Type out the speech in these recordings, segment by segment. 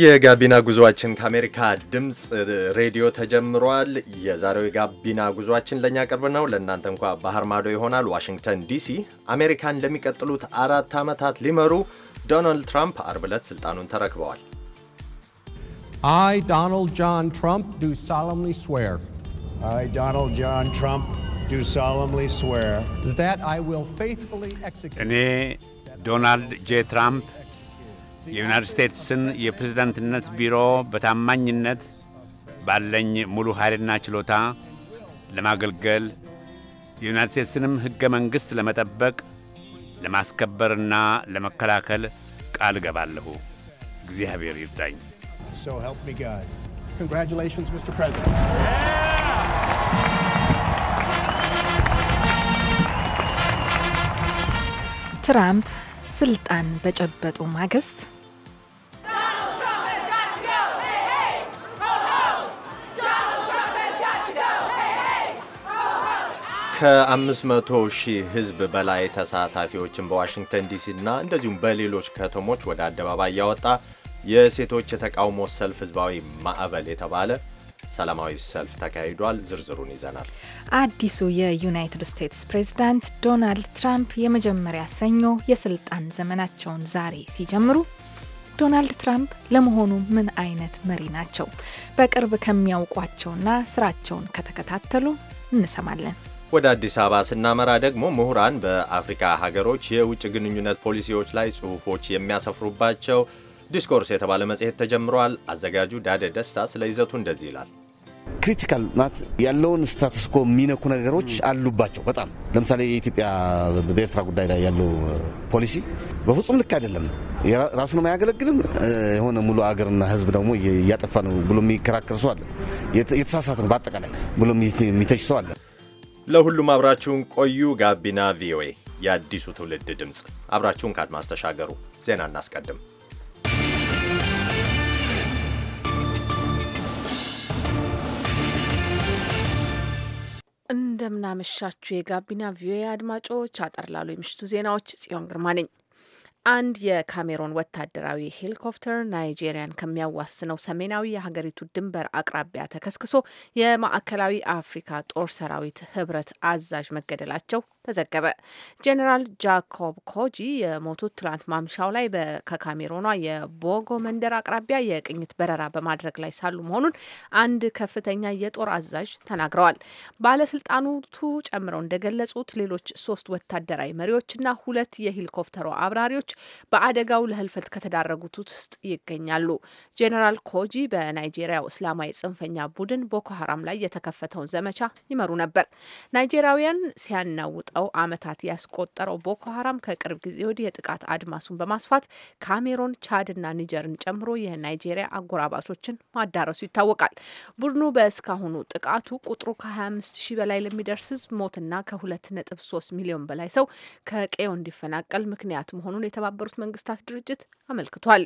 የጋቢና ጉዞአችን ከአሜሪካ ድምፅ ሬዲዮ ተጀምሯል። የዛሬው የጋቢና ጉዞአችን ለእኛ ቅርብ ነው፣ ለእናንተ እንኳ ባህር ማዶ ይሆናል። ዋሽንግተን ዲሲ አሜሪካን ለሚቀጥሉት አራት ዓመታት ሊመሩ ዶናልድ ትራምፕ አርብ ዕለት ስልጣኑን ተረክበዋል። አይ ዶናልድ ጆን ትራምፕ ዱ ሶለምሊ ስዌር አይ ዶናልድ ጆን ትራምፕ እኔ ዶናልድ ጄ ትራምፕ የዩናይትድ ስቴትስን የፕሬዝዳንትነት ቢሮ በታማኝነት ባለኝ ሙሉ ኃይልና ችሎታ ለማገልገል የዩናይትድ ስቴትስንም ሕገ መንግሥት ለመጠበቅ ለማስከበርና ለመከላከል ቃል እገባለሁ። እግዚአብሔር ይርዳኝ። ትራምፕ ስልጣን በጨበጡ ማግስት ከአምስት መቶ ሺህ ህዝብ በላይ ተሳታፊዎችን በዋሽንግተን ዲሲ እና እንደዚሁም በሌሎች ከተሞች ወደ አደባባይ ያወጣ የሴቶች የተቃውሞ ሰልፍ ህዝባዊ ማዕበል የተባለ ሰላማዊ ሰልፍ ተካሂዷል። ዝርዝሩን ይዘናል። አዲሱ የዩናይትድ ስቴትስ ፕሬዝዳንት ዶናልድ ትራምፕ የመጀመሪያ ሰኞ የስልጣን ዘመናቸውን ዛሬ ሲጀምሩ ዶናልድ ትራምፕ ለመሆኑ ምን አይነት መሪ ናቸው? በቅርብ ከሚያውቋቸውና ስራቸውን ከተከታተሉ እንሰማለን። ወደ አዲስ አበባ ስናመራ ደግሞ ምሁራን በአፍሪካ ሀገሮች የውጭ ግንኙነት ፖሊሲዎች ላይ ጽሁፎች የሚያሰፍሩባቸው ዲስኮርስ የተባለ መጽሔት ተጀምረዋል። አዘጋጁ ዳደ ደስታ ስለ ይዘቱ እንደዚህ ይላል። ክሪቲካል ናት ያለውን ኮ የሚነኩ ነገሮች አሉባቸው። በጣም ለምሳሌ የኢትዮጵያ በኤርትራ ጉዳይ ላይ ያለው ፖሊሲ በፍጹም ልክ አይደለም፣ ራሱንም አያገለግልም፣ የሆነ ሙሉ አገርና ሕዝብ ደግሞ እያጠፋ ነው ብሎ የሚከራከር ሰው አለ፣ የተሳሳተ ነው በአጠቃላይ ብሎ የሚተች ሰው አለ። ለሁሉም አብራችሁን ቆዩ። ጋቢና ቪኦኤ የአዲሱ ትውልድ ድምፅ፣ አብራችሁን ከአድማስ ተሻገሩ። ዜና እናስቀድም። እንደምናመሻችሁ የጋቢና ቪዮኤ አድማጮች፣ አጠር ላሉ የምሽቱ ዜናዎች ጽዮን ግርማ ነኝ። አንድ የካሜሮን ወታደራዊ ሄሊኮፕተር ናይጄሪያን ከሚያዋስነው ሰሜናዊ የሀገሪቱ ድንበር አቅራቢያ ተከስክሶ የማዕከላዊ አፍሪካ ጦር ሰራዊት ህብረት አዛዥ መገደላቸው ተዘገበ። ጄኔራል ጃኮብ ኮጂ የሞቱት ትላንት ማምሻው ላይ ከካሜሮኗ የቦጎ መንደር አቅራቢያ የቅኝት በረራ በማድረግ ላይ ሳሉ መሆኑን አንድ ከፍተኛ የጦር አዛዥ ተናግረዋል። ባለስልጣናቱ ጨምረው እንደገለጹት ሌሎች ሶስት ወታደራዊ መሪዎችና ሁለት የሄሊኮፕተሯ አብራሪዎች ሰዎች በአደጋው ለህልፈት ከተዳረጉት ውስጥ ይገኛሉ። ጄኔራል ኮጂ በናይጄሪያው እስላማዊ ጽንፈኛ ቡድን ቦኮ ሀራም ላይ የተከፈተውን ዘመቻ ይመሩ ነበር። ናይጄሪያውያን ሲያናውጠው ዓመታት ያስቆጠረው ቦኮ ሀራም ከቅርብ ጊዜ ወዲህ የጥቃት አድማሱን በማስፋት ካሜሮን፣ ቻድና ኒጀርን ጨምሮ የናይጄሪያ አጎራባቾችን ማዳረሱ ይታወቃል። ቡድኑ በእስካሁኑ ጥቃቱ ቁጥሩ ከ25 ሺህ በላይ ለሚደርስ ህዝብ ሞትና ከ2.3 ሚሊዮን በላይ ሰው ከቀዮ እንዲፈናቀል ምክንያት መሆኑን የተባበሩት መንግስታት ድርጅት አመልክቷል።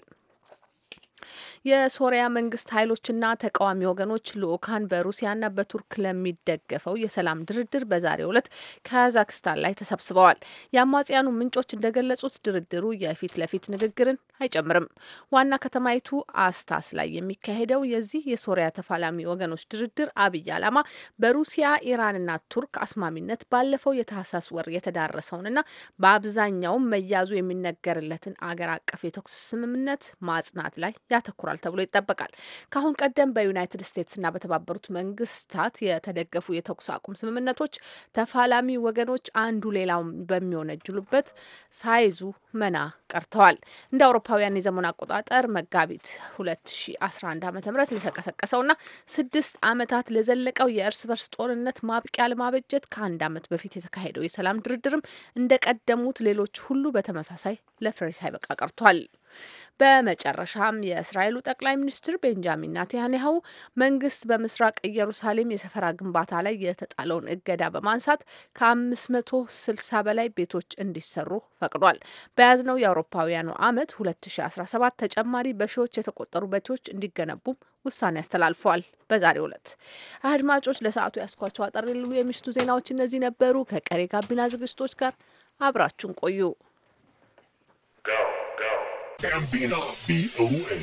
የሶሪያ መንግስት ኃይሎችና ተቃዋሚ ወገኖች ልኡካን በሩሲያና በቱርክ ለሚደገፈው የሰላም ድርድር በዛሬው ዕለት ካዛክስታን ላይ ተሰብስበዋል። የአማጽያኑ ምንጮች እንደገለጹት ድርድሩ የፊት ለፊት ንግግርን አይጨምርም። ዋና ከተማይቱ አስታስ ላይ የሚካሄደው የዚህ የሶሪያ ተፋላሚ ወገኖች ድርድር አብይ ዓላማ በሩሲያ ኢራንና ቱርክ አስማሚነት ባለፈው የታህሳስ ወር የተዳረሰውንና በአብዛኛውም መያዙ የሚነገርለትን አገር አቀፍ የተኩስ ስምምነት ማጽናት ላይ ያተኩራል ተብሎ ይጠበቃል። ከአሁን ቀደም በዩናይትድ ስቴትስ ና በተባበሩት መንግስታት የተደገፉ የተኩስ አቁም ስምምነቶች ተፋላሚ ወገኖች አንዱ ሌላው በሚወነጅሉበት ሳይዙ መና ቀርተዋል። እንደ አውሮፓውያን የዘመን አቆጣጠር መጋቢት 2011 ዓ ም ለተቀሰቀሰውና ስድስት ዓመታት ለዘለቀው የእርስ በርስ ጦርነት ማብቂያ ለማበጀት ከአንድ ዓመት በፊት የተካሄደው የሰላም ድርድርም እንደቀደሙት ሌሎች ሁሉ በተመሳሳይ ለፍሬ ሳይበቃ ቀርቷል። በመጨረሻም የእስራኤሉ ጠቅላይ ሚኒስትር ቤንጃሚን ናታንያሁ መንግስት በምስራቅ ኢየሩሳሌም የሰፈራ ግንባታ ላይ የተጣለውን እገዳ በማንሳት ከ ስልሳ በላይ ቤቶች እንዲሰሩ ፈቅዷል። በያዝነው የአውሮፓውያኑ አመት 2017 ተጨማሪ በሺዎች የተቆጠሩ ቤቶች እንዲገነቡም ውሳኔ አስተላልፏል። በዛሬው ዕለት አድማጮች ለሰዓቱ ያስኳቸው አጠር ያሉ የምሽቱ ዜናዎች እነዚህ ነበሩ። ከቀሬ ጋቢና ዝግጅቶች ጋር አብራችሁን ቆዩ። ጋቢና ቪኦኤ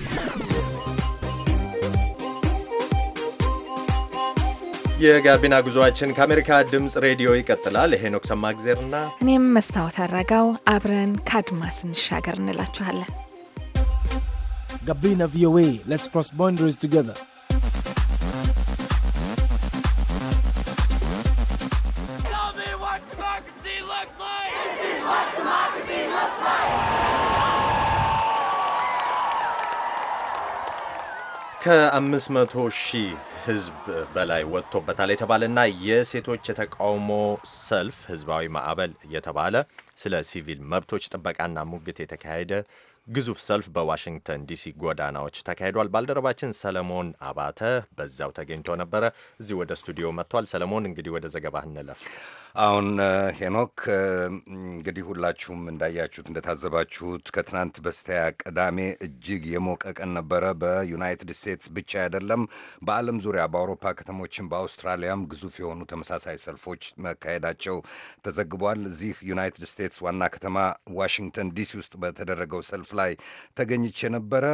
የጋቢና ጉዞአችን ከአሜሪካ ድምፅ ሬዲዮ ይቀጥላል። ሄኖክ ሰማግዜርና እኔም መስታወት አረጋው አብረን ከአድማስ እንሻገር እንላችኋለን። ጋቢና ቪኦኤ ሌትስ ክሮስ ቦንደሪስ ቱጌዘር ከአምስት መቶ ሺህ ህዝብ በላይ ወጥቶበታል የተባለና የሴቶች የተቃውሞ ሰልፍ ህዝባዊ ማዕበል የተባለ ስለ ሲቪል መብቶች ጥበቃና ሙግት የተካሄደ ግዙፍ ሰልፍ በዋሽንግተን ዲሲ ጎዳናዎች ተካሂዷል። ባልደረባችን ሰለሞን አባተ በዛው ተገኝቶ ነበረ። እዚህ ወደ ስቱዲዮ መጥቷል። ሰለሞን እንግዲህ ወደ ዘገባህ እንለፍ። አሁን ሄኖክ እንግዲህ ሁላችሁም እንዳያችሁት እንደታዘባችሁት ከትናንት በስቲያ ቅዳሜ እጅግ የሞቀ ቀን ነበረ። በዩናይትድ ስቴትስ ብቻ አይደለም፣ በዓለም ዙሪያ በአውሮፓ ከተሞችን በአውስትራሊያም ግዙፍ የሆኑ ተመሳሳይ ሰልፎች መካሄዳቸው ተዘግቧል። እዚህ ዩናይትድ ስቴትስ ዋና ከተማ ዋሽንግተን ዲሲ ውስጥ በተደረገው ሰልፍ ላይ ተገኝቼ የነበረ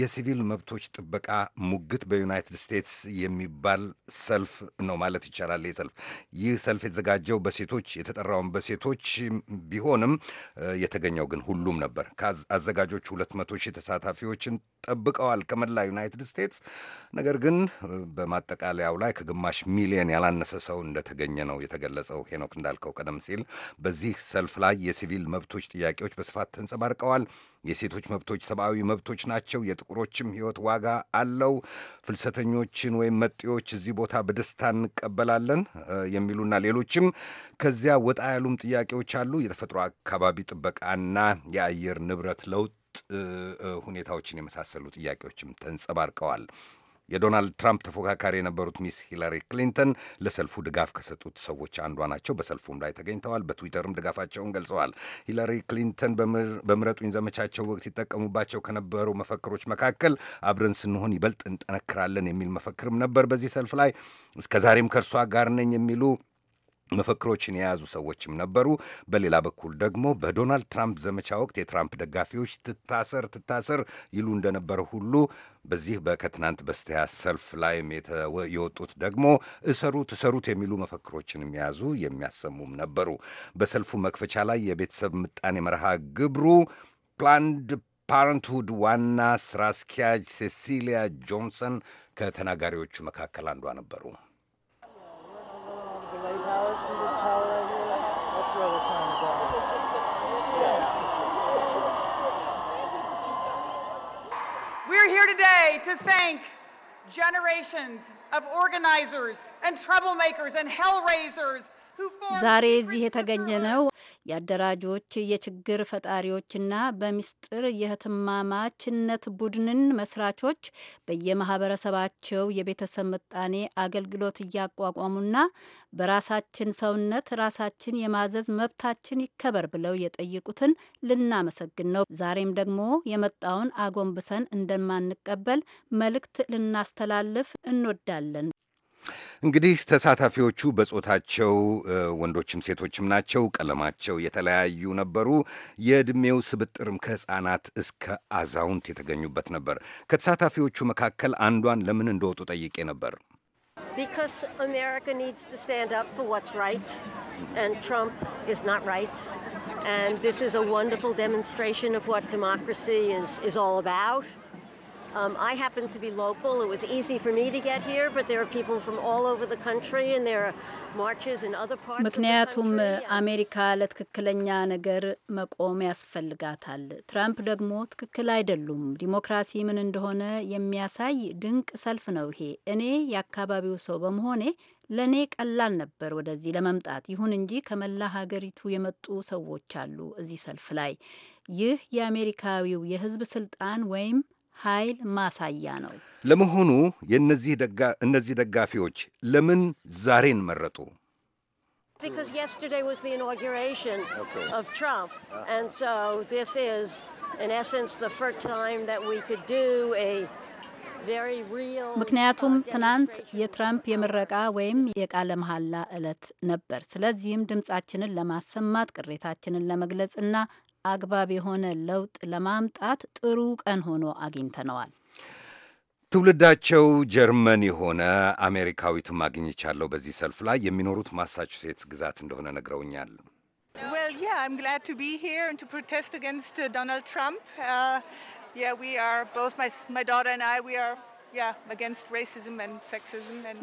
የሲቪል መብቶች ጥበቃ ሙግት በዩናይትድ ስቴትስ የሚባል ሰልፍ ነው ማለት ይቻላል። ይህ ይህ ሰልፍ የተዘጋጀው በሴቶች የተጠራውን በሴቶች ቢሆንም የተገኘው ግን ሁሉም ነበር። አዘጋጆች ሁለት መቶ ሺህ ተሳታፊዎችን ጠብቀዋል ከመላ ዩናይትድ ስቴትስ። ነገር ግን በማጠቃለያው ላይ ከግማሽ ሚሊዮን ያላነሰ ሰው እንደተገኘ ነው የተገለጸው። ሄኖክ እንዳልከው ቀደም ሲል በዚህ ሰልፍ ላይ የሲቪል መብቶች ጥያቄዎች በስፋት ተንጸባርቀዋል። የሴቶች መብቶች ሰብአዊ መብቶች ናቸው። የጥቁሮችም ሕይወት ዋጋ አለው። ፍልሰተኞችን ወይም መጤዎች እዚህ ቦታ በደስታ እንቀበላለን የሚሉና ሌሎችም ከዚያ ወጣ ያሉም ጥያቄዎች አሉ። የተፈጥሮ አካባቢ ጥበቃና የአየር ንብረት ለውጥ ሁኔታዎችን የመሳሰሉ ጥያቄዎችም ተንጸባርቀዋል። የዶናልድ ትራምፕ ተፎካካሪ የነበሩት ሚስ ሂላሪ ክሊንተን ለሰልፉ ድጋፍ ከሰጡት ሰዎች አንዷ ናቸው። በሰልፉም ላይ ተገኝተዋል። በትዊተርም ድጋፋቸውን ገልጸዋል። ሂላሪ ክሊንተን በምረጡኝ ዘመቻቸው ወቅት ይጠቀሙባቸው ከነበሩ መፈክሮች መካከል አብረን ስንሆን ይበልጥ እንጠነክራለን የሚል መፈክርም ነበር። በዚህ ሰልፍ ላይ እስከዛሬም ከእርሷ ጋር ነኝ የሚሉ መፈክሮችን የያዙ ሰዎችም ነበሩ። በሌላ በኩል ደግሞ በዶናልድ ትራምፕ ዘመቻ ወቅት የትራምፕ ደጋፊዎች ትታሰር ትታሰር ይሉ እንደነበረ ሁሉ በዚህ በከትናንት በስቲያ ሰልፍ ላይም የወጡት ደግሞ እሰሩ ትሰሩት የሚሉ መፈክሮችን የያዙ የሚያሰሙም ነበሩ። በሰልፉ መክፈቻ ላይ የቤተሰብ ምጣኔ መርሃ ግብሩ ፕላንድ ፓረንትሁድ ዋና ስራ አስኪያጅ ሴሲሊያ ጆንሰን ከተናጋሪዎቹ መካከል አንዷ ነበሩ። today to thank generations of organizers and troublemakers and hellraisers who formed. ዛሬ እዚህ የአደራጆች የችግር ፈጣሪዎችና በሚስጥር የህትማማችነት ቡድንን መስራቾች በየማህበረሰባቸው የቤተሰብ ምጣኔ አገልግሎት እያቋቋሙና በራሳችን ሰውነት ራሳችን የማዘዝ መብታችን ይከበር ብለው የጠየቁትን ልናመሰግን ነው። ዛሬም ደግሞ የመጣውን አጎንብሰን እንደማንቀበል መልእክት ልናስተላልፍ እንወዳለን። እንግዲህ ተሳታፊዎቹ በጾታቸው ወንዶችም ሴቶችም ናቸው። ቀለማቸው የተለያዩ ነበሩ። የዕድሜው ስብጥርም ከህፃናት እስከ አዛውንት የተገኙበት ነበር። ከተሳታፊዎቹ መካከል አንዷን ለምን እንደወጡ ጠይቄ ነበር። And this is a wonderful demonstration of what democracy is, is all about. Um, I happen to be local. It was easy for me to get here, but there are people from all over the country and there are marches in other parts ምክንያቱም አሜሪካ ለትክክለኛ ነገር መቆም ያስፈልጋታል። ትራምፕ ደግሞ ትክክል አይደሉም፣ ዲሞክራሲ ምን እንደሆነ የሚያሳይ ድንቅ ሰልፍ ነው ይሄ። እኔ የአካባቢው ሰው በመሆኔ ለእኔ ቀላል ነበር ወደዚህ ለመምጣት። ይሁን እንጂ ከመላ ሀገሪቱ የመጡ ሰዎች አሉ እዚህ ሰልፍ ላይ። ይህ የአሜሪካዊው የህዝብ ስልጣን ወይም ኃይል ማሳያ ነው። ለመሆኑ እነዚህ ደጋፊዎች ለምን ዛሬን መረጡ? ምክንያቱም ትናንት የትራምፕ የምረቃ ወይም የቃለ መሐላ ዕለት ነበር። ስለዚህም ድምጻችንን ለማሰማት ቅሬታችንን ለመግለጽ ለመግለጽና አግባብ የሆነ ለውጥ ለማምጣት ጥሩ ቀን ሆኖ አግኝተነዋል። ትውልዳቸው ጀርመን የሆነ አሜሪካዊትም አግኝቻለሁ በዚህ ሰልፍ ላይ የሚኖሩት ማሳቹሴትስ ግዛት እንደሆነ ነግረውኛል።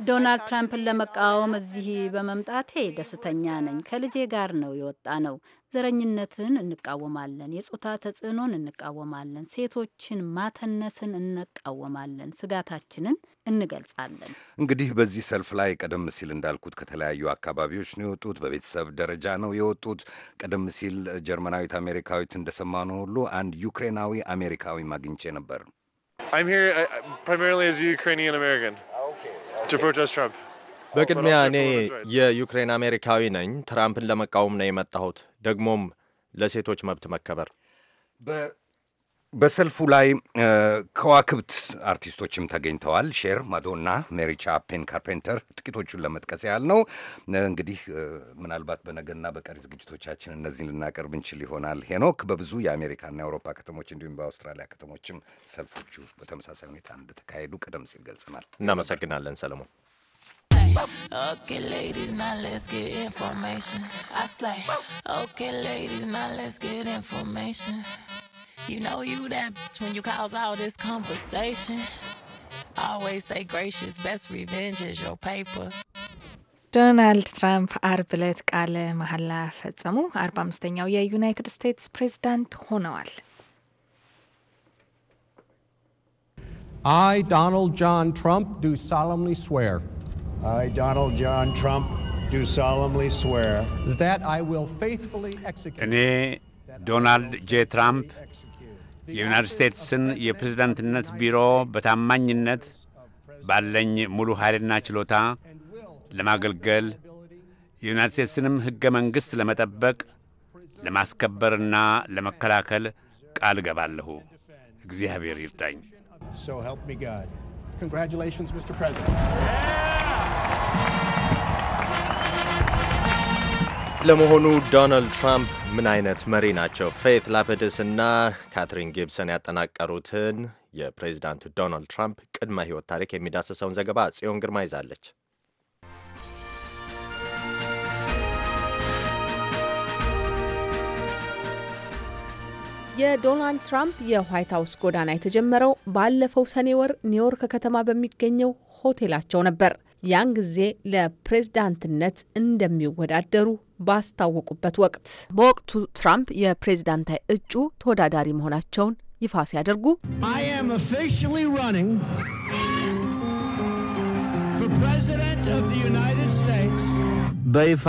ዶናልድ ትራምፕን ለመቃወም እዚህ በመምጣቴ ደስተኛ ነኝ። ከልጄ ጋር ነው የወጣ ነው። ዘረኝነትን እንቃወማለን፣ የጾታ ተጽዕኖን እንቃወማለን፣ ሴቶችን ማተነስን እንቃወማለን፣ ስጋታችንን እንገልጻለን። እንግዲህ በዚህ ሰልፍ ላይ ቀደም ሲል እንዳልኩት ከተለያዩ አካባቢዎች ነው የወጡት። በቤተሰብ ደረጃ ነው የወጡት። ቀደም ሲል ጀርመናዊት አሜሪካዊት እንደሰማነው ሁሉ አንድ ዩክሬናዊ አሜሪካዊ አግኝቼ ነበር። I'm here uh, uh, primarily as a Ukrainian American to በቅድሚያ እኔ የዩክሬን አሜሪካዊ ነኝ። ትራምፕን ለመቃወም ነው የመጣሁት፣ ደግሞም ለሴቶች መብት መከበር በሰልፉ ላይ ከዋክብት አርቲስቶችም ተገኝተዋል። ሼር፣ ማዶና፣ ሜሪ ቻፕን ካርፔንተር ጥቂቶቹን ለመጥቀስ ያህል ነው። እንግዲህ ምናልባት በነገና በቀሪ ዝግጅቶቻችን እነዚህን ልናቀርብ እንችል ይሆናል። ሄኖክ፣ በብዙ የአሜሪካና የአውሮፓ ከተሞች እንዲሁም በአውስትራሊያ ከተሞችም ሰልፎቹ በተመሳሳይ ሁኔታ እንደተካሄዱ ቀደም ሲል ገልጸናል። እናመሰግናለን ሰለሞን። Okay, ladies, now let's get information. I slay. Okay, ladies, now let's get information. You know you that bitch when you cause all this conversation. Always stay gracious. Best revenge is your paper. ዶናልድ ትራምፕ አርብ ዕለት ቃለ መሐላ ፈጸሙ። አርባ አምስተኛው የዩናይትድ ስቴትስ ሆነዋል። I, Donald John Trump, do solemnly swear. I, Donald John Trump, do solemnly swear that I will faithfully execute. እኔ ዶናልድ ጄ ትራምፕ የዩናይትድ ስቴትስን የፕሬዝዳንትነት ቢሮ በታማኝነት ባለኝ ሙሉ ኃይልና ችሎታ ለማገልገል የዩናይት ስቴትስንም ሕገ መንግሥት ለመጠበቅ ለማስከበርና ለመከላከል ቃል ገባለሁ። እግዚአብሔር ይርዳኝ። ለመሆኑ ዶናልድ ትራምፕ ምን አይነት መሪ ናቸው? ፌት ላፔደስ እና ካትሪን ጊብሰን ያጠናቀሩትን የፕሬዚዳንት ዶናልድ ትራምፕ ቅድመ ሕይወት ታሪክ የሚዳስሰውን ዘገባ ጽዮን ግርማ ይዛለች። የዶናልድ ትራምፕ የዋይት ሀውስ ጎዳና የተጀመረው ባለፈው ሰኔ ወር ኒውዮርክ ከተማ በሚገኘው ሆቴላቸው ነበር። ያን ጊዜ ለፕሬዝዳንትነት እንደሚወዳደሩ ባስታወቁበት ወቅት በወቅቱ ትራምፕ የፕሬዝዳንታዊ እጩ ተወዳዳሪ መሆናቸውን ይፋ ሲያደርጉ ፕሬዚደንት ዩናይትድ ስቴትስ በይፋ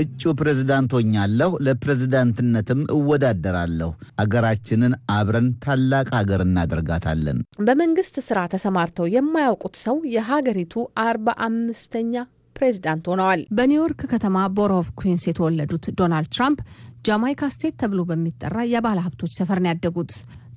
እጩ ፕሬዝዳንት ሆኛለሁ። ለፕሬዝዳንትነትም እወዳደራለሁ። አገራችንን አብረን ታላቅ ሀገር እናደርጋታለን። በመንግስት ስራ ተሰማርተው የማያውቁት ሰው የሀገሪቱ አርባ አምስተኛ ፕሬዝዳንት ሆነዋል። በኒውዮርክ ከተማ ቦሮ ኦፍ ኩንስ የተወለዱት ዶናልድ ትራምፕ ጃማይካ ስቴት ተብሎ በሚጠራ የባለ ሀብቶች ሰፈር ነው ያደጉት።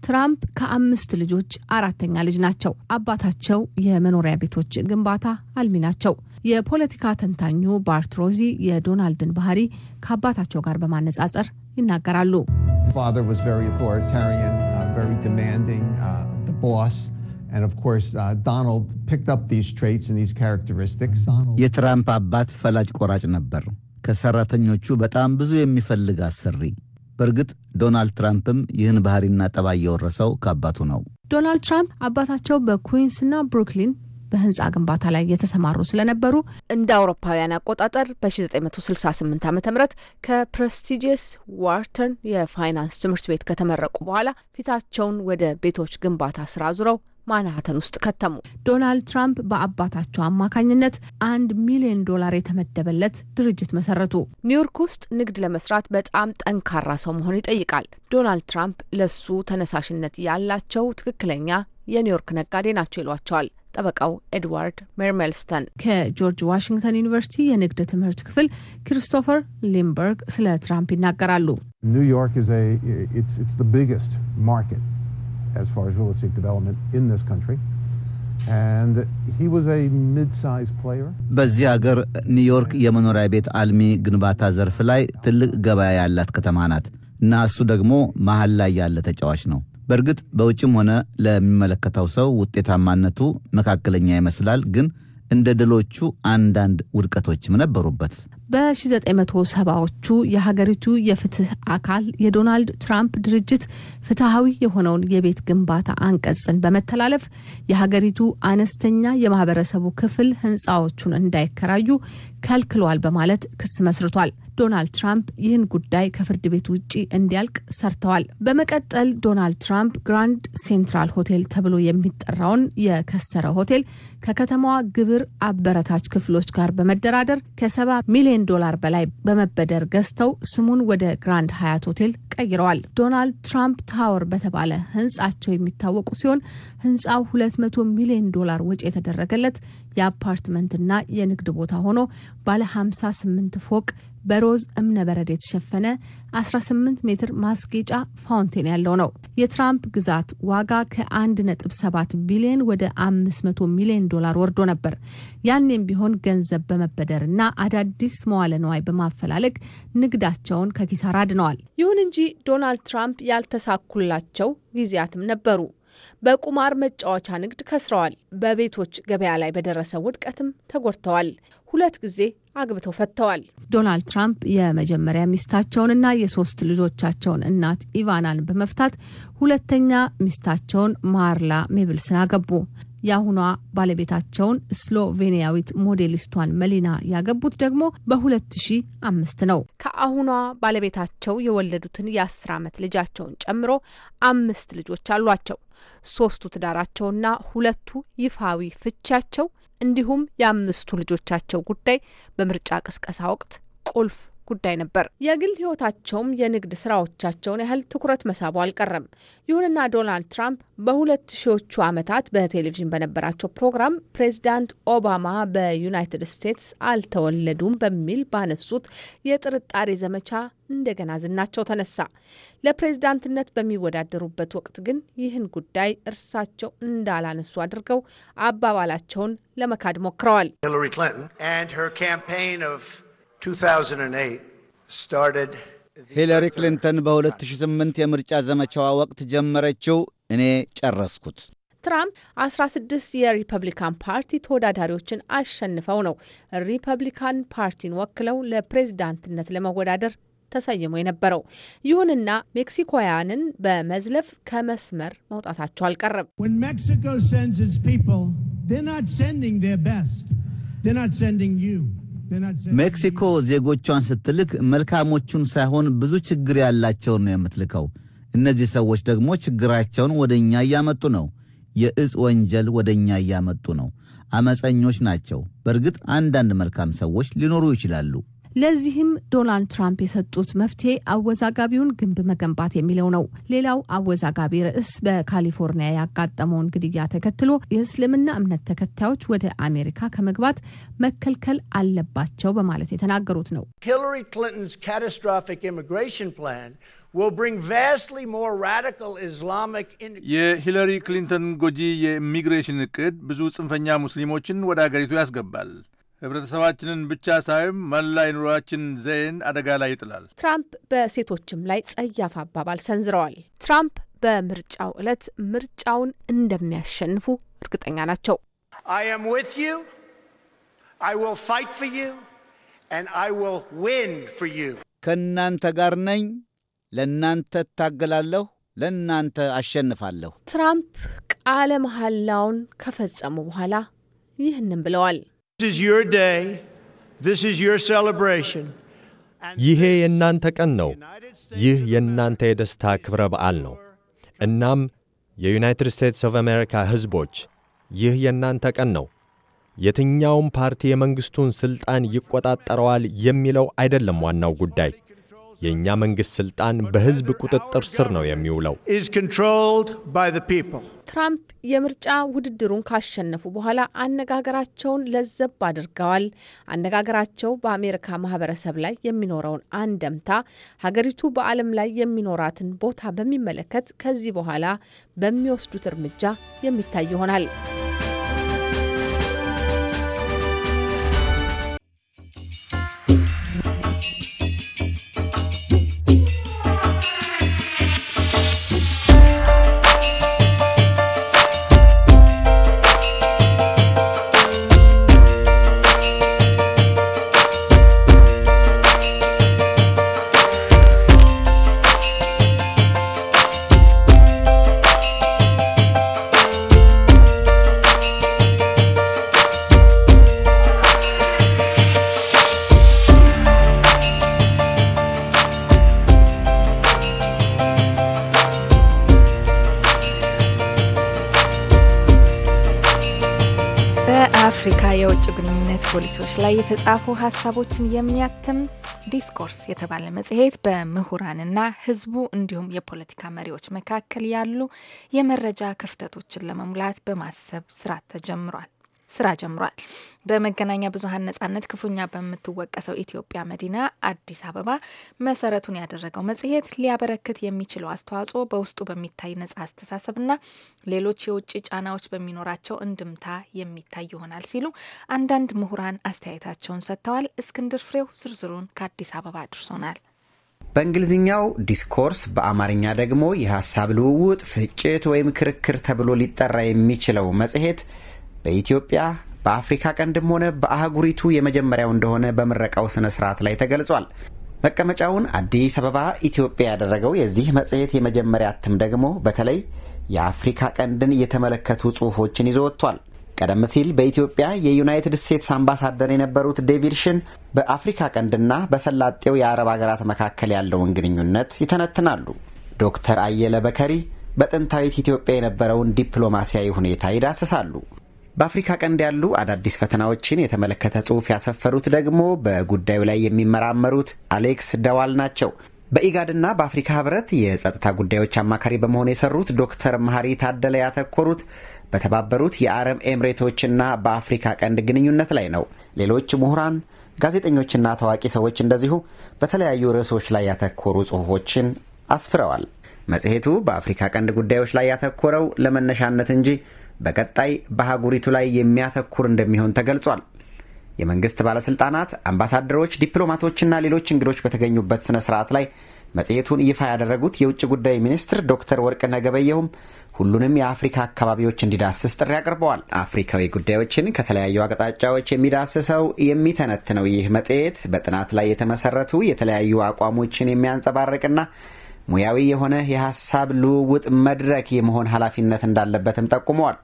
ትራምፕ ከአምስት ልጆች አራተኛ ልጅ ናቸው። አባታቸው የመኖሪያ ቤቶች ግንባታ አልሚ ናቸው። የፖለቲካ ተንታኙ ባርትሮዚ የዶናልድን ባህሪ ከአባታቸው ጋር በማነጻጸር ይናገራሉ። uh, uh, uh, የትራምፕ አባት ፈላጭ ቆራጭ ነበር። ከሰራተኞቹ በጣም ብዙ የሚፈልግ አሰሪ። በእርግጥ ዶናልድ ትራምፕም ይህን ባህሪና ጠባይ የወረሰው ከአባቱ ነው። ዶናልድ ትራምፕ አባታቸው በኩዊንስና ብሩክሊን በህንፃ ግንባታ ላይ የተሰማሩ ስለነበሩ እንደ አውሮፓውያን አቆጣጠር በ1968 ዓ ም ከፕሬስቲጂየስ ዋርተን የፋይናንስ ትምህርት ቤት ከተመረቁ በኋላ ፊታቸውን ወደ ቤቶች ግንባታ ስራ አዙረው ማናሃተን ውስጥ ከተሙ። ዶናልድ ትራምፕ በአባታቸው አማካኝነት አንድ ሚሊዮን ዶላር የተመደበለት ድርጅት መሰረቱ። ኒውዮርክ ውስጥ ንግድ ለመስራት በጣም ጠንካራ ሰው መሆን ይጠይቃል። ዶናልድ ትራምፕ ለሱ ተነሳሽነት ያላቸው ትክክለኛ የኒውዮርክ ነጋዴ ናቸው ይሏቸዋል ጠበቃው ኤድዋርድ ሜርሜልስተን ከጆርጅ ዋሽንግተን ዩኒቨርሲቲ የንግድ ትምህርት ክፍል ክሪስቶፈር ሊምበርግ ስለ ትራምፕ ይናገራሉ። ኒውዮርክ as far as real estate development in this country. And he was a mid-sized player. በዚህ ሀገር ኒውዮርክ የመኖሪያ ቤት አልሚ ግንባታ ዘርፍ ላይ ትልቅ ገበያ ያላት ከተማ ናት እና እሱ ደግሞ መሀል ላይ ያለ ተጫዋች ነው። በእርግጥ በውጭም ሆነ ለሚመለከተው ሰው ውጤታማነቱ መካከለኛ ይመስላል፣ ግን እንደ ድሎቹ አንዳንድ ውድቀቶችም ነበሩበት። በ1970ዎቹ የሀገሪቱ የፍትህ አካል የዶናልድ ትራምፕ ድርጅት ፍትሐዊ የሆነውን የቤት ግንባታ አንቀጽን በመተላለፍ የሀገሪቱ አነስተኛ የማህበረሰቡ ክፍል ህንፃዎቹን እንዳይከራዩ ከልክሏል በማለት ክስ መስርቷል። ዶናልድ ትራምፕ ይህን ጉዳይ ከፍርድ ቤት ውጪ እንዲያልቅ ሰርተዋል። በመቀጠል ዶናልድ ትራምፕ ግራንድ ሴንትራል ሆቴል ተብሎ የሚጠራውን የከሰረ ሆቴል ከከተማዋ ግብር አበረታች ክፍሎች ጋር በመደራደር ከሰባ ሚሊዮን ዶላር በላይ በመበደር ገዝተው ስሙን ወደ ግራንድ ሀያት ሆቴል ቀይረዋል። ዶናልድ ትራምፕ ታወር በተባለ ህንጻቸው የሚታወቁ ሲሆን ህንፃው 200 ሚሊዮን ዶላር ወጪ የተደረገለት የአፓርትመንትና የንግድ ቦታ ሆኖ ባለ 58 ፎቅ በሮዝ እምነበረድ የተሸፈነ 18 ሜትር ማስጌጫ ፋውንቴን ያለው ነው። የትራምፕ ግዛት ዋጋ ከ1.7 ቢሊዮን ወደ 500 ሚሊዮን ዶላር ወርዶ ነበር። ያኔም ቢሆን ገንዘብ በመበደር እና አዳዲስ መዋለ ነዋይ በማፈላለግ ንግዳቸውን ከኪሳራ አድነዋል። ይሁን እንጂ ዶናልድ ትራምፕ ያልተሳኩላቸው ጊዜያትም ነበሩ። በቁማር መጫወቻ ንግድ ከስረዋል። በቤቶች ገበያ ላይ በደረሰ ውድቀትም ተጎድተዋል። ሁለት ጊዜ አግብተው ፈተዋል። ዶናልድ ትራምፕ የመጀመሪያ ሚስታቸውንና የሶስት ልጆቻቸውን እናት ኢቫናን በመፍታት ሁለተኛ ሚስታቸውን ማርላ ሜብልስን አገቡ። የአሁኗ ባለቤታቸውን ስሎቬኒያዊት ሞዴሊስቷን መሊና ያገቡት ደግሞ በ2005 ነው። ከአሁኗ ባለቤታቸው የወለዱትን የ10 ዓመት ልጃቸውን ጨምሮ አምስት ልጆች አሏቸው። ሶስቱ ትዳራቸውና ሁለቱ ይፋዊ ፍቻቸው እንዲሁም የአምስቱ ልጆቻቸው ጉዳይ በምርጫ ቅስቀሳ ወቅት ቁልፍ ጉዳይ ነበር። የግል ህይወታቸውም የንግድ ስራዎቻቸውን ያህል ትኩረት መሳቡ አልቀረም። ይሁንና ዶናልድ ትራምፕ በሁለት ሺዎቹ ዓመታት በቴሌቪዥን በነበራቸው ፕሮግራም ፕሬዚዳንት ኦባማ በዩናይትድ ስቴትስ አልተወለዱም በሚል ባነሱት የጥርጣሬ ዘመቻ እንደገና ዝናቸው ተነሳ። ለፕሬዝዳንትነት በሚወዳደሩበት ወቅት ግን ይህን ጉዳይ እርሳቸው እንዳላነሱ አድርገው አባባላቸውን ለመካድ ሞክረዋል። ሂለሪ ክሊንተን በ2008 የምርጫ ዘመቻዋ ወቅት ጀመረችው። እኔ ጨረስኩት። ትራምፕ 16 የሪፐብሊካን ፓርቲ ተወዳዳሪዎችን አሸንፈው ነው ሪፐብሊካን ፓርቲን ወክለው ለፕሬዝዳንትነት ለመወዳደር ተሰይሞ የነበረው። ይሁንና ሜክሲኮውያንን በመዝለፍ ከመስመር መውጣታቸው አልቀረም። ሜክሲኮ ሜክሲኮ ዜጎቿን ስትልክ መልካሞቹን ሳይሆን ብዙ ችግር ያላቸውን ነው የምትልከው። እነዚህ ሰዎች ደግሞ ችግራቸውን ወደ እኛ እያመጡ ነው። የእጽ ወንጀል ወደ እኛ እያመጡ ነው። አመፀኞች ናቸው። በእርግጥ አንዳንድ መልካም ሰዎች ሊኖሩ ይችላሉ። ለዚህም ዶናልድ ትራምፕ የሰጡት መፍትሄ አወዛጋቢውን ግንብ መገንባት የሚለው ነው። ሌላው አወዛጋቢ ርዕስ በካሊፎርኒያ ያጋጠመውን ግድያ ተከትሎ የእስልምና እምነት ተከታዮች ወደ አሜሪካ ከመግባት መከልከል አለባቸው በማለት የተናገሩት ነው። ሂላሪ ክሊንተንስ ካታስትሮፊክ ኢሚግሬሽን ፕላን የሂለሪ ክሊንተን ጎጂ የኢሚግሬሽን እቅድ ብዙ ጽንፈኛ ሙስሊሞችን ወደ አገሪቱ ያስገባል። ህብረተሰባችንን ብቻ ሳይም መላ የኑሯችን ዘይን አደጋ ላይ ይጥላል። ትራምፕ በሴቶችም ላይ ጸያፍ አባባል ሰንዝረዋል። ትራምፕ በምርጫው ዕለት ምርጫውን እንደሚያሸንፉ እርግጠኛ ናቸው። ከእናንተ ጋር ነኝ፣ ለእናንተ እታገላለሁ፣ ለእናንተ አሸንፋለሁ። ትራምፕ ቃለ መሐላውን ከፈጸሙ በኋላ ይህንም ብለዋል። This ይሄ የእናንተ ቀን ነው። ይህ የእናንተ የደስታ ክብረ በዓል ነው። እናም የዩናይትድ ስቴትስ ኦፍ አሜሪካ ሕዝቦች ይህ የእናንተ ቀን ነው። የትኛውም ፓርቲ የመንግሥቱን ሥልጣን ይቆጣጠረዋል የሚለው አይደለም ዋናው ጉዳይ። የእኛ መንግሥት ሥልጣን በሕዝብ ቁጥጥር ስር ነው የሚውለው። ትራምፕ የምርጫ ውድድሩን ካሸነፉ በኋላ አነጋገራቸውን ለዘብ አድርገዋል። አነጋገራቸው በአሜሪካ ማህበረሰብ ላይ የሚኖረውን አንደምታ፣ ሀገሪቱ በዓለም ላይ የሚኖራትን ቦታ በሚመለከት ከዚህ በኋላ በሚወስዱት እርምጃ የሚታይ ይሆናል። ላይ የተጻፉ ሀሳቦችን የሚያትም ዲስኮርስ የተባለ መጽሔት በምሁራንና ህዝቡ እንዲሁም የፖለቲካ መሪዎች መካከል ያሉ የመረጃ ክፍተቶችን ለመሙላት በማሰብ ስራ ተጀምሯል። ስራ ጀምሯል። በመገናኛ ብዙኃን ነጻነት ክፉኛ በምትወቀሰው ኢትዮጵያ መዲና አዲስ አበባ መሰረቱን ያደረገው መጽሔት ሊያበረክት የሚችለው አስተዋጽኦ በውስጡ በሚታይ ነጻ አስተሳሰብና ሌሎች የውጭ ጫናዎች በሚኖራቸው እንድምታ የሚታይ ይሆናል ሲሉ አንዳንድ ምሁራን አስተያየታቸውን ሰጥተዋል። እስክንድር ፍሬው ዝርዝሩን ከአዲስ አበባ አድርሶናል። በእንግሊዝኛው ዲስኮርስ በአማርኛ ደግሞ የሀሳብ ልውውጥ፣ ፍጭት ወይም ክርክር ተብሎ ሊጠራ የሚችለው መጽሔት በኢትዮጵያ በአፍሪካ ቀንድም ሆነ በአህጉሪቱ የመጀመሪያው እንደሆነ በምረቃው ስነ ስርዓት ላይ ተገልጿል። መቀመጫውን አዲስ አበባ ኢትዮጵያ ያደረገው የዚህ መጽሔት የመጀመሪያ እትም ደግሞ በተለይ የአፍሪካ ቀንድን የተመለከቱ ጽሑፎችን ይዞ ወጥቷል። ቀደም ሲል በኢትዮጵያ የዩናይትድ ስቴትስ አምባሳደር የነበሩት ዴቪድ ሽን በአፍሪካ ቀንድና በሰላጤው የአረብ ሀገራት መካከል ያለውን ግንኙነት ይተነትናሉ። ዶክተር አየለ በከሪ በጥንታዊት ኢትዮጵያ የነበረውን ዲፕሎማሲያዊ ሁኔታ ይዳስሳሉ። በአፍሪካ ቀንድ ያሉ አዳዲስ ፈተናዎችን የተመለከተ ጽሑፍ ያሰፈሩት ደግሞ በጉዳዩ ላይ የሚመራመሩት አሌክስ ደዋል ናቸው። በኢጋድና በአፍሪካ ህብረት የጸጥታ ጉዳዮች አማካሪ በመሆን የሰሩት ዶክተር መሀሪ ታደለ ያተኮሩት በተባበሩት የአረብ ኤምሬቶችና በአፍሪካ ቀንድ ግንኙነት ላይ ነው። ሌሎች ምሁራን ጋዜጠኞችና ታዋቂ ሰዎች እንደዚሁ በተለያዩ ርዕሶች ላይ ያተኮሩ ጽሑፎችን አስፍረዋል። መጽሔቱ በአፍሪካ ቀንድ ጉዳዮች ላይ ያተኮረው ለመነሻነት እንጂ በቀጣይ በአህጉሪቱ ላይ የሚያተኩር እንደሚሆን ተገልጿል። የመንግስት ባለስልጣናት፣ አምባሳደሮች፣ ዲፕሎማቶችና ሌሎች እንግዶች በተገኙበት ስነ ስርዓት ላይ መጽሔቱን ይፋ ያደረጉት የውጭ ጉዳይ ሚኒስትር ዶክተር ወርቅነህ ገበየሁም ሁሉንም የአፍሪካ አካባቢዎች እንዲዳስስ ጥሪ አቅርበዋል። አፍሪካዊ ጉዳዮችን ከተለያዩ አቅጣጫዎች የሚዳስሰው የሚተነትነው ይህ መጽሔት በጥናት ላይ የተመሰረቱ የተለያዩ አቋሞችን የሚያንጸባርቅና ሙያዊ የሆነ የሀሳብ ልውውጥ መድረክ የመሆን ኃላፊነት እንዳለበትም ጠቁመዋል።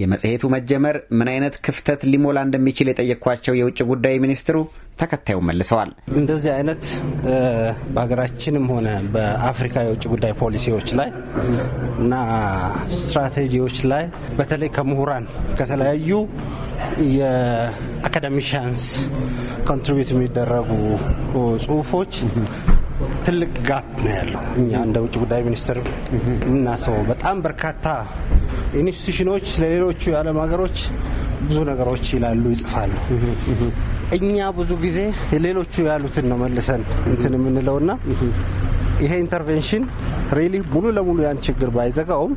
የመጽሔቱ መጀመር ምን አይነት ክፍተት ሊሞላ እንደሚችል የጠየኳቸው የውጭ ጉዳይ ሚኒስትሩ ተከታዩን መልሰዋል። እንደዚህ አይነት በሀገራችንም ሆነ በአፍሪካ የውጭ ጉዳይ ፖሊሲዎች ላይ እና ስትራቴጂዎች ላይ በተለይ ከምሁራን ከተለያዩ የአካደሚሽያንስ ኮንትሪቢዩት የሚደረጉ ጽሁፎች ትልቅ ጋፕ ነው ያለው። እኛ እንደ ውጭ ጉዳይ ሚኒስትር የምናስበው በጣም በርካታ ኢንስቲቱሽኖች ለሌሎቹ የዓለም ሀገሮች ብዙ ነገሮች ይላሉ፣ ይጽፋሉ። እኛ ብዙ ጊዜ ሌሎቹ ያሉትን ነው መልሰን እንትን ና ይሄ ኢንተርቬንሽን ሪሊ ሙሉ ለሙሉ ያን ችግር ባይዘጋውም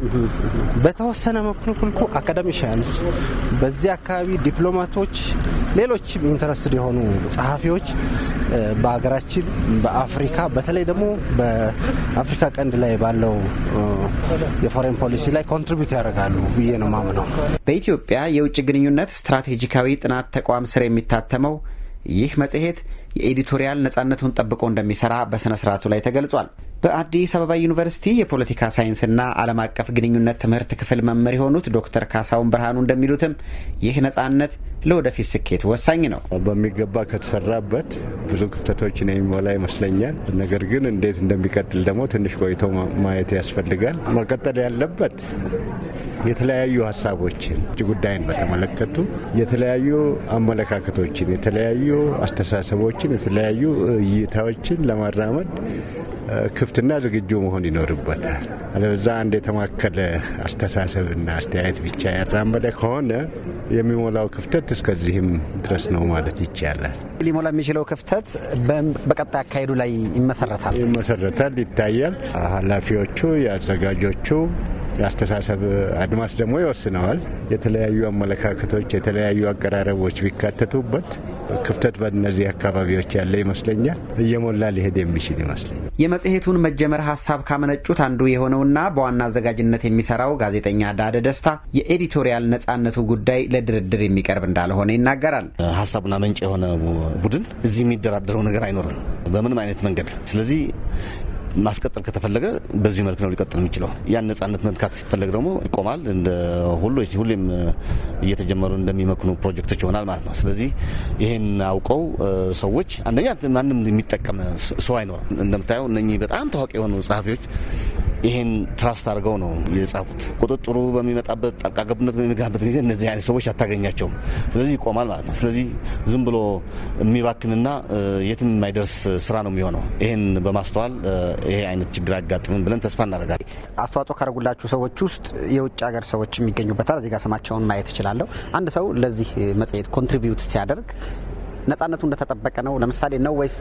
በተወሰነ መኩልኩልኩ አካዳሚሽያኖች፣ በዚህ አካባቢ ዲፕሎማቶች ሌሎችም ኢንተረስትድ የሆኑ ጸሐፊዎች በሀገራችን በአፍሪካ በተለይ ደግሞ በአፍሪካ ቀንድ ላይ ባለው የፎሬን ፖሊሲ ላይ ኮንትሪቢዩት ያደርጋሉ ብዬ ነው ማምነው። በኢትዮጵያ የውጭ ግንኙነት ስትራቴጂካዊ ጥናት ተቋም ስር የሚታተመው ይህ መጽሔት የኤዲቶሪያል ነጻነቱን ጠብቆ እንደሚሰራ በሥነ ሥርዓቱ ላይ ተገልጿል። በአዲስ አበባ ዩኒቨርሲቲ የፖለቲካ ሳይንስና ዓለም አቀፍ ግንኙነት ትምህርት ክፍል መምህር የሆኑት ዶክተር ካሳሁን ብርሃኑ እንደሚሉትም ይህ ነጻነት ለወደፊት ስኬት ወሳኝ ነው። በሚገባ ከተሰራበት ብዙ ክፍተቶችን የሚሞላ ይመስለኛል። ነገር ግን እንዴት እንደሚቀጥል ደግሞ ትንሽ ቆይቶ ማየት ያስፈልጋል። መቀጠል ያለበት የተለያዩ ሀሳቦችን ውጭ ጉዳይን በተመለከቱ የተለያዩ አመለካከቶችን፣ የተለያዩ አስተሳሰቦችን፣ የተለያዩ እይታዎችን ለማራመድ ክፍትና ዝግጁ መሆን ይኖርበታል። አለበዛ አንድ የተማከለ አስተሳሰብና አስተያየት ብቻ ያራመደ ከሆነ የሚሞላው ክፍተት እስከዚህም ድረስ ነው ማለት ይቻላል። ሊሞላ የሚችለው ክፍተት በቀጣይ አካሄዱ ላይ ይመሰረታል ይመሰረታል ይታያል። ኃላፊዎቹ የአዘጋጆቹ የአስተሳሰብ አድማስ ደግሞ ይወስነዋል። የተለያዩ አመለካከቶች፣ የተለያዩ አቀራረቦች ቢካተቱበት ክፍተት በእነዚህ አካባቢዎች ያለ ይመስለኛል። እየሞላ ሊሄድ የሚችል ይመስለኛል። የመጽሔቱን መጀመር ሀሳብ ካመነጩት አንዱ የሆነውና በዋና አዘጋጅነት የሚሰራው ጋዜጠኛ ዳደ ደስታ የኤዲቶሪያል ነጻነቱ ጉዳይ ለድርድር የሚቀርብ እንዳልሆነ ይናገራል። ሀሳቡና ምንጭ የሆነ ቡድን እዚህ የሚደራደረው ነገር አይኖርም በምንም አይነት መንገድ። ስለዚህ ማስቀጠል ከተፈለገ በዚህ መልክ ነው ሊቀጥል የሚችለው። ያን ነጻነት መንካት ሲፈለግ ደግሞ ይቆማል። እንደ ሁሉ ሁሌም እየተጀመሩ እንደሚመክኑ ፕሮጀክቶች ይሆናል ማለት ነው። ስለዚህ ይሄን አውቀው ሰዎች አንደኛ ማንም የሚጠቀም ሰው አይኖርም። እንደምታየው እነኚህ በጣም ታዋቂ የሆኑ ጸሐፊዎች ይህን ትራስት አድርገው ነው የጻፉት። ቁጥጥሩ በሚመጣበት ጣልቃ ገብነት በሚመጣበት ጊዜ እነዚህ አይነት ሰዎች አታገኛቸውም። ስለዚህ ይቆማል ማለት ነው። ስለዚህ ዝም ብሎ የሚባክንና የትም የማይደርስ ስራ ነው የሚሆነው። ይህን በማስተዋል ይሄ አይነት ችግር አያጋጥምም ብለን ተስፋ እናደርጋለን። አስተዋጽኦ ካደረጉላችሁ ሰዎች ውስጥ የውጭ ሀገር ሰዎች የሚገኙበታል። እዚጋ ስማቸውን ማየት እችላለሁ። አንድ ሰው ለዚህ መጽሔት ኮንትሪቢዩት ሲያደርግ ነጻነቱ እንደተጠበቀ ነው። ለምሳሌ ነው ወይስ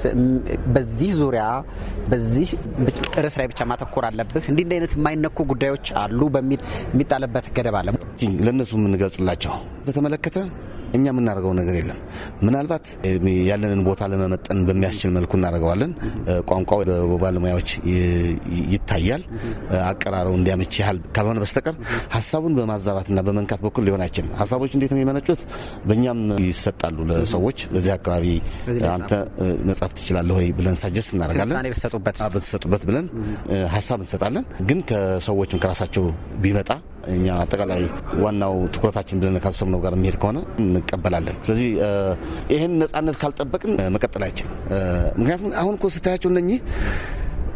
በዚህ ዙሪያ በዚህ ርዕስ ላይ ብቻ ማተኮር አለብህ? እንዲህ እንደ አይነት የማይነኩ ጉዳዮች አሉ በሚል የሚጣልበት ገደብ አለ ለእነሱ የምንገልጽላቸው በተመለከተ እኛ የምናደርገው ነገር የለም። ምናልባት ያለንን ቦታ ለመመጠን በሚያስችል መልኩ እናደርገዋለን። ቋንቋው በባለሙያዎች ይታያል። አቀራረው እንዲያመች ያህል ካልሆነ በስተቀር ሀሳቡን በማዛባትና በመንካት በኩል ሊሆን አይችልም። ሀሳቦች እንዴት ነው የሚመነጩት? በእኛም ይሰጣሉ ለሰዎች። በዚህ አካባቢ አንተ መጻፍ ትችላለህ ወይ ብለን ሳጀስ እናደርጋለን። በተሰጡበት ብለን ሀሳብ እንሰጣለን። ግን ከሰዎችም ከራሳቸው ቢመጣ እኛ አጠቃላይ ዋናው ትኩረታችን ብለን ካሰብነው ጋር የሚሄድ ከሆነ እንቀበላለን። ስለዚህ ይህን ነጻነት ካልጠበቅን መቀጠል አይችልም። ምክንያቱም አሁን እኮ ስታያቸው እነኚህ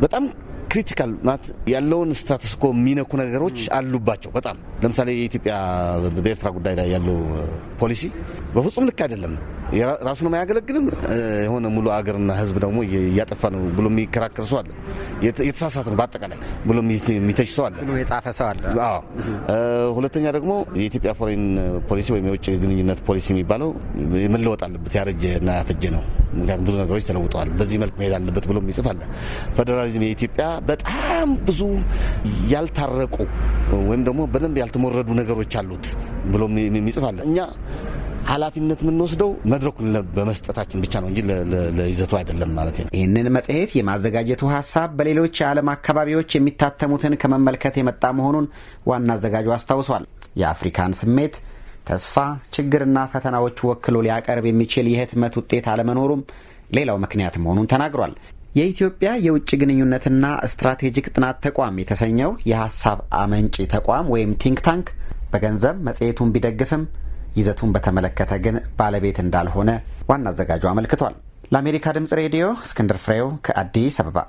በጣም ክሪቲካል ናት። ያለውን ኮ የሚነኩ ነገሮች አሉባቸው በጣም ለምሳሌ የኢትዮጵያ በኤርትራ ጉዳይ ላይ ያለው ፖሊሲ በፍጹም ልክ አይደለም። ራሱንም አያገለግልም። የሆነ ሙሉ አገርና ሕዝብ ደግሞ እያጠፋ ነው ብሎ የሚከራከር ሰው አለ። የተሳሳተ ነው በአጠቃላይ ብሎ የሚተች ሰው አለ፣ የጻፈ ሰው አለ። ሁለተኛ ደግሞ የኢትዮጵያ ፎሬን ፖሊሲ ወይም የውጭ ግንኙነት ፖሊሲ የሚባለው መለወጥ አለበት። ያረጀ እና ያፈጀ ነው ምክንያቱም ብዙ ነገሮች ተለውጠዋል፣ በዚህ መልክ መሄድ አለበት ብሎ የሚጽፍ አለ። ፌዴራሊዝም የኢትዮጵያ በጣም ብዙ ያልታረቁ ወይም ደግሞ በደንብ ያልተሞረዱ ነገሮች አሉት ብሎ የሚጽፍ አለ። እኛ ኃላፊነት የምንወስደው መድረኩን በመስጠታችን ብቻ ነው እንጂ ለይዘቱ አይደለም ማለት ነው። ይህንን መጽሔት የማዘጋጀቱ ሀሳብ በሌሎች የዓለም አካባቢዎች የሚታተሙትን ከመመልከት የመጣ መሆኑን ዋና አዘጋጁ አስታውሷል። የአፍሪካን ስሜት ተስፋ፣ ችግርና ፈተናዎች ወክሎ ሊያቀርብ የሚችል የህትመት ውጤት አለመኖሩም ሌላው ምክንያት መሆኑን ተናግሯል። የኢትዮጵያ የውጭ ግንኙነትና ስትራቴጂክ ጥናት ተቋም የተሰኘው የሀሳብ አመንጪ ተቋም ወይም ቲንክ ታንክ በገንዘብ መጽሔቱን ቢደግፍም ይዘቱን በተመለከተ ግን ባለቤት እንዳልሆነ ዋና አዘጋጁ አመልክቷል። ለአሜሪካ ድምፅ ሬዲዮ እስክንድር ፍሬው ከአዲስ አበባ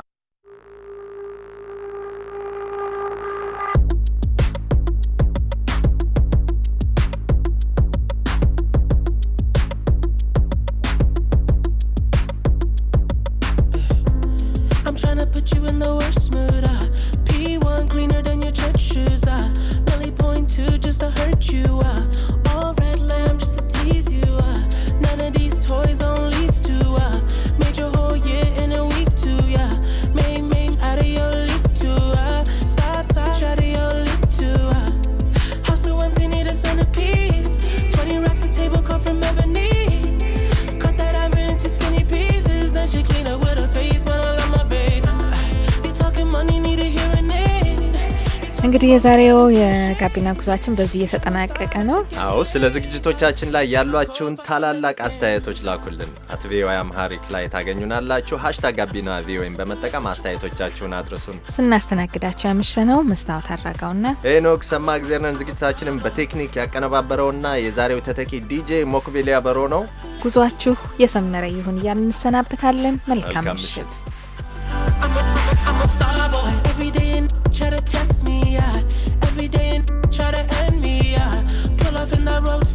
እንግዲህ የዛሬው የጋቢና ጉዟችን በዚህ እየተጠናቀቀ ነው። አዎ፣ ስለ ዝግጅቶቻችን ላይ ያሏችሁን ታላላቅ አስተያየቶች ላኩልን። አት ቪኦኤ አምሃሪክ ላይ ታገኙናላችሁ። ሀሽታግ ጋቢና ቪኦኤን በመጠቀም አስተያየቶቻችሁን አድርሱን። ስናስተናግዳችሁ ያመሸነው መስታወት አድራጋውና ሄኖክ ሰማ ጊዜርነን። ዝግጅታችንን በቴክኒክ ያቀነባበረውና የዛሬው ተተኪ ዲጄ ሞክቤሊያ በሮ ነው። ጉዟችሁ የሰመረ ይሁን እያልን እንሰናበታለን። መልካም ምሽት። I'm a star boy. try to test me, yeah. Every day and try to end me, yeah. Pull off in the road